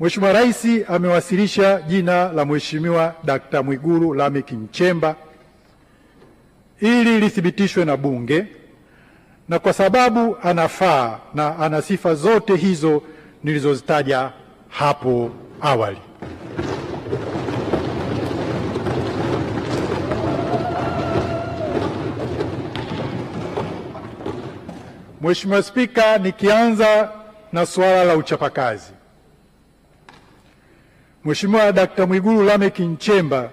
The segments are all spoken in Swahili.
Mheshimiwa Rais amewasilisha jina la Mheshimiwa Dkt. Mwigulu Lameck Nchemba ili lithibitishwe na Bunge, na kwa sababu anafaa na ana sifa zote hizo nilizozitaja hapo awali, Mheshimiwa Spika, nikianza na suala la uchapakazi Mheshimiwa Dkt. Mwigulu Lameck Nchemba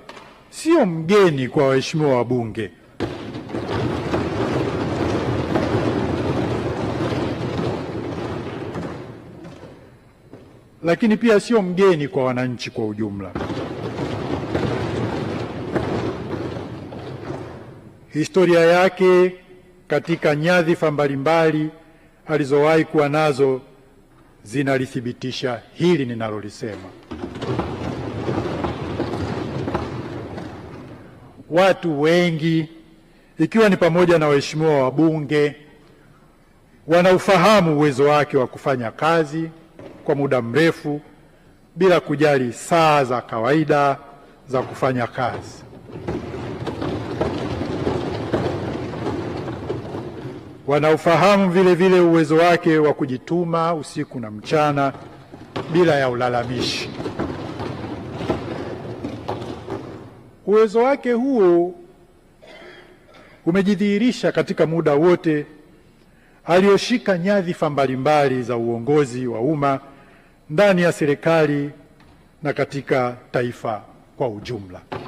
sio mgeni kwa waheshimiwa wabunge. Lakini pia sio mgeni kwa wananchi kwa ujumla. Historia yake katika nyadhifa mbalimbali alizowahi kuwa nazo zinalithibitisha hili ninalolisema. watu wengi ikiwa ni pamoja na waheshimiwa wabunge wanaufahamu uwezo wake wa kufanya kazi kwa muda mrefu bila kujali saa za kawaida za kufanya kazi. Wanaufahamu vile vile uwezo wake wa kujituma usiku na mchana bila ya ulalamishi. Uwezo wake huo umejidhihirisha katika muda wote alioshika nyadhifa mbalimbali za uongozi wa umma ndani ya serikali na katika taifa kwa ujumla.